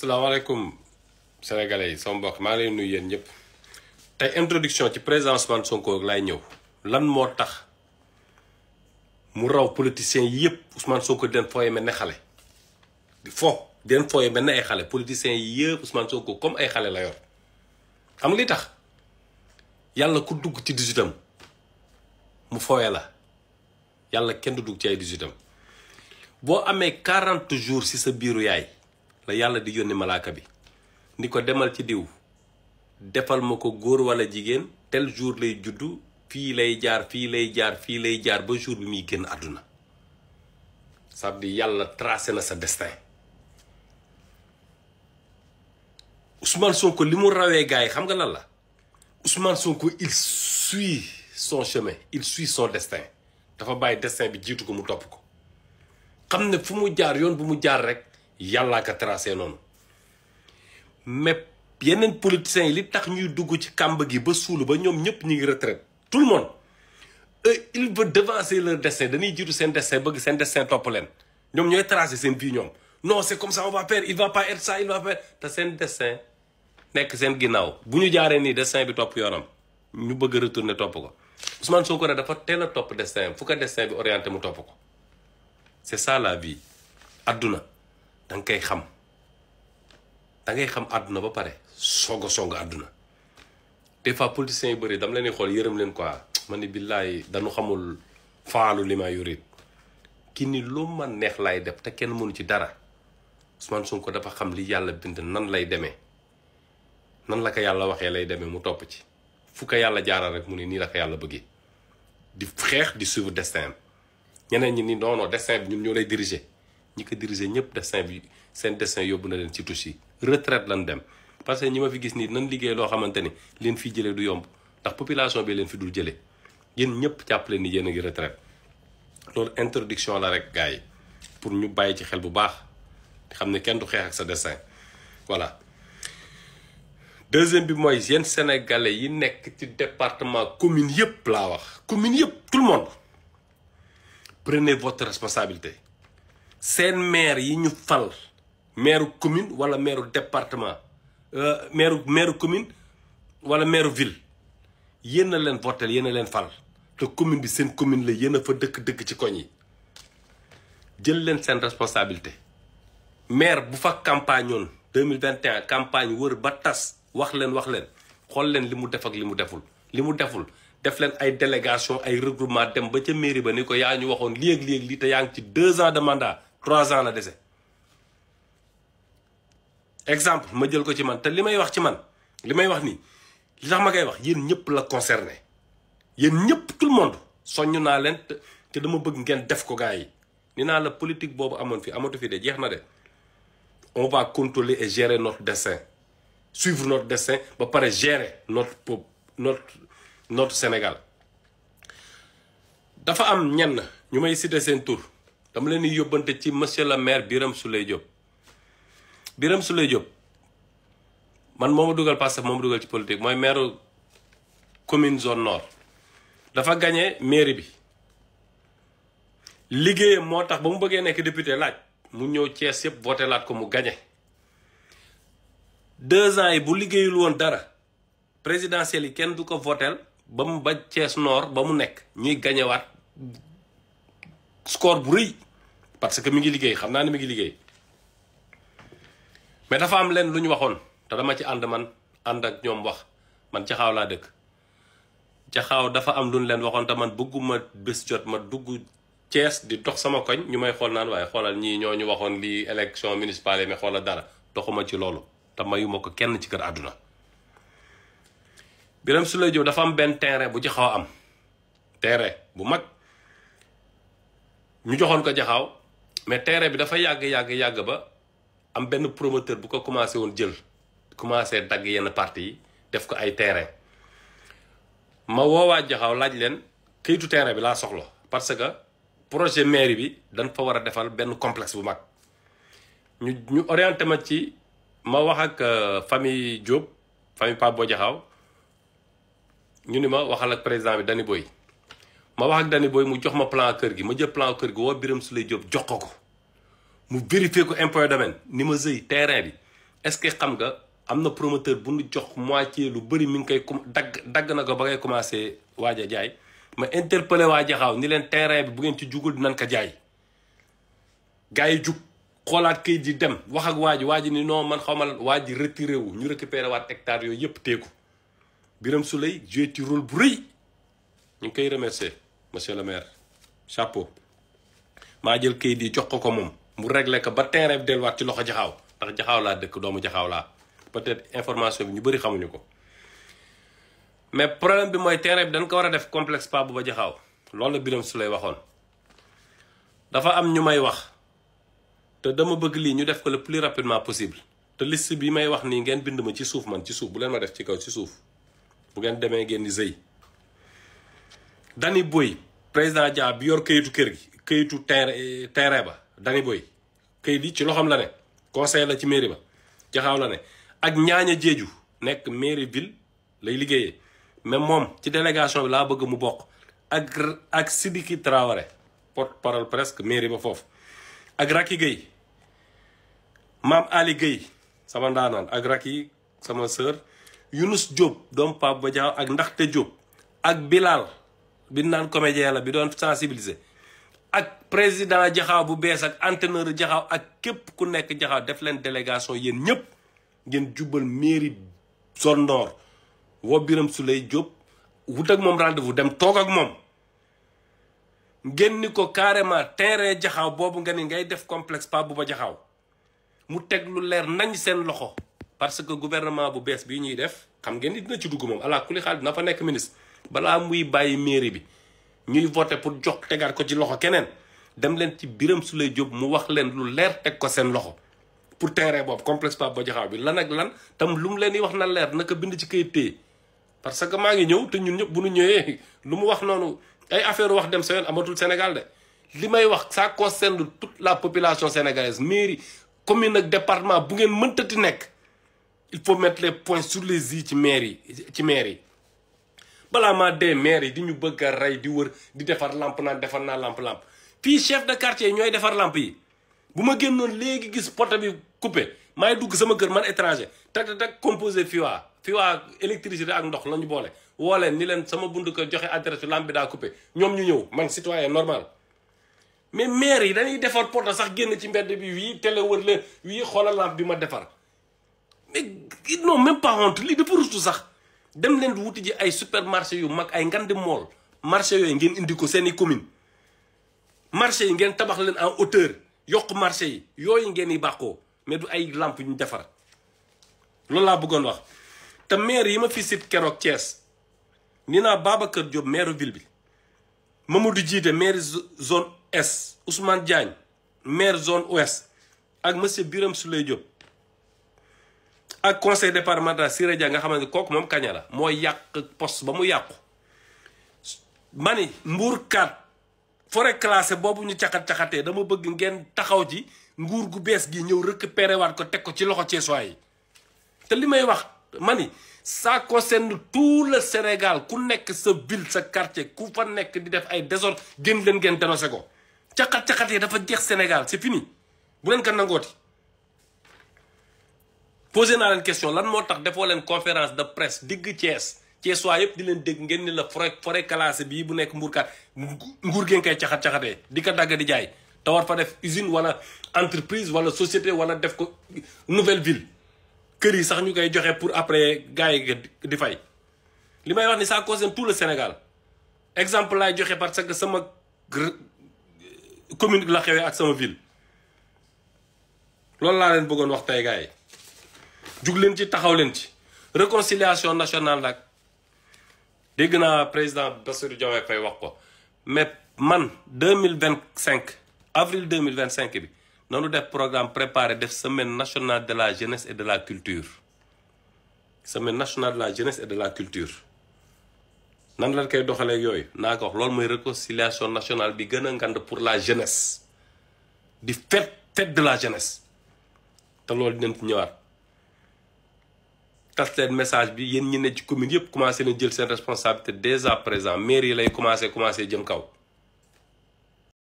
salaamaaleykum sénégalais yi sama mbokk maa ngi leen nuyu yéen ñëpp tey introduction ci président Ousmane Sonko laay ñëw lan moo tax mu raw politiciens yëpp Ousmane soo ko leen mel ne xale di fo di ay xale politiciens yi yëpp Ousmane Sonko comme ay xale la yor am li tax yàlla ku dugg ci 18 mu fooye la yàlla kenn du dugg ci ay 18 boo amee 40 jours si sa biiru yaay. la yàlla di yónni malaaka bi ni ko demal ci diw defal ma ko góor walla jigéen tel jour lay juddu fii lay jaar fii lay jaar fii lay jaar ba jour bi muy génn àdduna sab di yàlla tracé na sa destin Ousmane Sonko li mu rawee gars yi xam nga lan la Ousmane Sonko il suit son chemin il suit son destin dafa bàyyi destin bi jiitu ko mu topp ko xam ne fu mu jaar yoon bu mu jaar rek yàllaa ka tracé noonu mais yeneen politiciens yi li tax ñuy dugg ci kàmba gi ba suulu ba ñoom ñëpp ñu ngi retraite tout le monde il veut devancer leur destin dañuy jiitu seen destin bëgg seen destin topp leen ñoom ñooy tracé seen vie ñoom non c'est comme ça on va faire il va pas être ça il va faire te seen destin nekk seen ginnaaw bu ñu jaaree nii destin bi topp yoonam ñu bëgg a retourner topp ko soo ko ne dafa teel a topp destin fu ko bi orienté mu topp ko c'est ça la adduna. danga nga koy xam da ngay xam àdduna ba pare soog a song àdduna des fois politiciens yu bëri dama leen di xool yërëm leen quoi ma ni billaay dañu xamul faalu li ma yurit ki ni lu ma neex laay def te kenn mënu ci dara su sun ko dafa xam li yàlla bind nan lay demee nan la ko yàlla waxee lay demee mu topp ci fu yàlla jaaral rek mu ne nii la ko yàlla bëggee di xeex di suivre destin ñeneen ñi ni non non destin bi ñun ñoo lay diriger. ñu ko diriger ñëpp destin bi seen destin yóbbu na leen ci si yi lan dem parce que ñi ma fi gis nii nan liggéey loo xamante ni leen fi jëlee du yomb ndax population bi leen fi dul jëlee yéen ñëpp jàppale ni yéen a ngi retraite loolu introduction la rek gars yi pour ñu bàyyi ci xel bu baax xam ne kenn du xeex ak sa destin voilà deuxième bi mooy yenn sénégalais yi nekk ci département commune yëpp laa wax commune yëpp tout le monde prenez votre responsabilité seen maire yi ñu fal maire commune wala maire département euh, maire maire commune wala maire ville yéen a leen votel yéen leen fal te commune bi seen commune la yéen fa dëkk-dëkk ci koñ yi jël leen seen responsabilité maire bu fa campagne woon 2021 campagne wër ba tas wax leen wax leen xool leen li mu def ak li mu deful li mu deful def leen ay délégation ay regroupement dem ba ca mairie ba ni ko yaa ñu waxoon léeg-léeg lii te yaa ngi ci deux ans de trois ans la dese exemple ma jël ko ci man te li may wax ci man li may wax nii li tax ma kay wax yéen ñëpp la concerné yéen ñëpp tout le monde soññ naa leen te dama bëgg ngeen def ko gars yi ni naa la politique boobu amoon fi amatu fii de jeex na de on va contrôler et gérer notre destin suivre notre destin ba pare gérer notre po notre notre Sénégal dafa am ñenn ñu may citer seen tour dama leen di yóbbante ci monsieur le maire biram Souleye Diop biram Souleye Diop man moo ma dugal Pastef moo ma dugal ci politique mooy maire commune zone nord dafa gagné mairie bi liggéeyam moo tax ba mu bëggee nekk député laaj mu ñëw Thiès yëpp voté ko mu gagné deux ans yi bu liggéeyul woon dara présidentielle yi kenn du ko votel ba mu ba Thiès nord ba mu nekk ñuy gañewaat score bu rëy parce que mi ngi liggéey xam naa ne mi ngi liggéey mais dafa am leen lu ñu waxoon te dama ci ànd man ànd ak ñoom wax man jaxaaw laa dëkk jaxaaw dafa am lu ñu leen waxoon te man bëgguma bés jot ma dugg Cees di dox sama koñ ñu may xool naan waaye xoolal ñii ñoo ñu waxoon lii élection municipale mais xoolal dara doxuma ci loolu te mayuma ko kenn ci kër àdduna Birame Souleye Diop dafa am benn terrain bu jaxaaw am terrain bu mag ñu joxoon ko jaxaaw mais terrain bi dafa yàgg yàgg yàgg ba am benn promoteur bu ko commencé woon jël commencé dagg yenn parti yi def ko ay terrain ma woowaa jaxaw laaj leen këyitu terrain bi laa soxla parce que projet mairie bi dañ fa war a defal benn complexe bu mag ñu ñu orienté ma ci ma wax ak euh, famille Diop famille Pape Boo Jaxaw ñu ni ma waxal ak président bi Dani Boy ma wax ak Dany booy mu jox ma plan kër gi ma jël plan kër gi woo biram Souleye Diop jox ko ko mu vérifier ko impôt domaine ni ma sëy terrain bi est-ce que xam nga am na promoteur bu nu jox moitié lu bëri mi ngi koy dagg dagg na ko ba ngay commencé waaj a jaay ma interpellé waa Jaxaaw ni leen terrain bi bu ngeen ci jugul dinañ ko jaay gars yi jug xoolaat këyit ji dem wax ak waa waa ji ni non man xawma waa ji retiré wu ñu récupéré waat hectare yooyu yëpp teeku Birame Souleye joué ci rôle bu rëy ñu ngi koy remercier monsieur le maire chapeau maa jël kayit di jox ko ko moom mu regle ko ba terrain bi delluwaat ci loxo jaxaaw ndax jaxaaw laa dëkk doomu jaxaaw laa peut-être information bi ñu bëri xamuñu ko mais problème bi mooy terrain bi dañ ko war a def complexe pa bu ba jaxaaw loolu la su lay waxoon dafa am ñu may wax te dama bëgg lii ñu def ko le plus rapidement possible te list bi may wax nii ngeen bind ma ci suuf man ci suuf bu leen ma def ci kaw ci suuf bu ngeen demee ngeen di zëy Dany Boy président Dia bi yor kayitu kër gi kayitu terre terrain ba Dany Boy kayit yi ci loxoom la ne conseil la ci mairie ba jaxaaw la ne ak ñaaña jeeju nekk mairie ville lay liggéeyee mais moom ci délégation bi laa bëgg mu boq ak ak Sidiki Traoré porte parole presque mairie ba foofu ak Racky Gueye maam Ali Gueye sama ndaanaan ak Racky sama sœur Younous Diop doom Pape Badiaw ak Ndaxte Diop ak Bilal bi naan comédien la bi doon sensibiliser ak président jaxaaw bu bees ak entraîneur jaxaaw ak képp ku nekk jaxaaw def leen délégation yéen ñëpp ngeen jubbal mairie zone nord woo Birame Souleye Diop wut ak moom rendez-vous dem toog ak moom ngeen ni ko carrément terrain jaxaaw boobu nga ni ngay def complexe pas bu ba jaxaaw mu teg lu leer nañ seen loxo parce que gouvernement bu bees bii ñuy def xam ngeen ni dina ci dugg moom ala kuli xaal dina fa nekk minist balaa muy bàyyi mairie bi ñuy voté pour jox tegaat ko ci loxo keneen dem leen ci Birame Souleye Diop mu wax leen lu leer teg ko seen loxo pour terrain boobu complexe Papa Boy Diakhao bi lan ak lan tam lu mu leen di wax na leer naka bind ci kayit téye parce que maa ngi ñëw te ñun ñëpp bu ñu ñëwee lu mu wax noonu ay affaire wax dem sa yoon amatul Sénégal de li may wax ça concerne tout la population sénégalaise mairie commune ak département bu ngeen mëntati nekk il faut mettre les sur les i ci maire yi ci maire yi balaa maa dee maire yi di ñu bëgg rey di wër di defar làmp naa defar naa làmp làmp fii chef de quartier ñooy defar lamp yi bu ma génnoon léegi gis porte bi coupé maay dugg sama kër man étranger tak tak tak composé fiwaa fiwaa électricité ak ndox la ñu boole woo leen ni leen sama buntu ko joxe adresse lamp bi daa coupé ñoom ñu ñëw man citoyen normal mais maire yi dañuy defar porte sax génn ci mbedd bi wii télé wër leen wii xoolal lamp bi ma defar mais non même pas honte lii sax dem leen wuti ji ay supermarché yu mag ay ngandi mool marché yooyu ngeen indi ko seeni commune marché yi ngeen tabax leen en hauteur yokk marché yi yooyu ngeen yi bàkkoo mais ay làmp ñu defar loolu laa bëggoon wax te maire yi ma fi sit keroog Thiès ni naa Babacar Diop maire ville bi Mamadou jiite maire zone est Ousmane Diagne maire zone ouest ak monsieur Birame Souleye Diop ak conseil départemental Siré Dia nga xamante ne kooku moom kaña la moo yàq poste ba mu yàqu ma ni mbuurkat forêt classée boobu ñu caxat-caxatee dama bëgg ngeen taxaw ci nguur gu bees gi ñëw récupéré waat ko teg ko ci loxo ceesuwaay yi te li may wax ma ni ça concerne tout la Sénégal ku nekk sa ville sa quartier ku fa nekk di def ay désordre génn leen gen dénoncé ko caxat-caxat yi dafa jeex Sénégal c'est fini bu leen ko nangooti posé naa leen question lan moo tax defoo leen conférence de presse digg Thiès Thiès waa yëpp di leen dégg ngeen ni la forêt forêt classée bii bu nekk mbuurkat nguur gee kay caxat caxatee di ko dagg di jaay te war fa def usine wala entreprise wala société wala def ko nouvelle ville kër yi sax ñu koy joxe pour après gars yi di fay. li may wax ni ça concerne tout le Sénégal exemple laay joxe parce que sama commune la xewee ak sama ville loolu laa leen bëggoon wax tey yi. jug leen ci taxaw leen ci réconciliation nationale ak dégg naa président Bassirou Diomaye Faye wax ko mais man deux mille vingt cinq avril deux mille vingt cinq bi nanu def programme préparé def semaine nationale de la jeunesse et de la culture semaine nationale de la jeunesse et de la culture nan lañ koy doxalee yooyu naa ko wax loolu mooy réconciliation nationale bi gën a pour la jeunesse di fête fête de la jeunesse te loolu dinañ ci ñëwaat. tas leen message bi yéen ñi ne ci commune yëpp commencé na jël seen responsabilité à présent mairie lay commencé commencé jëm kaw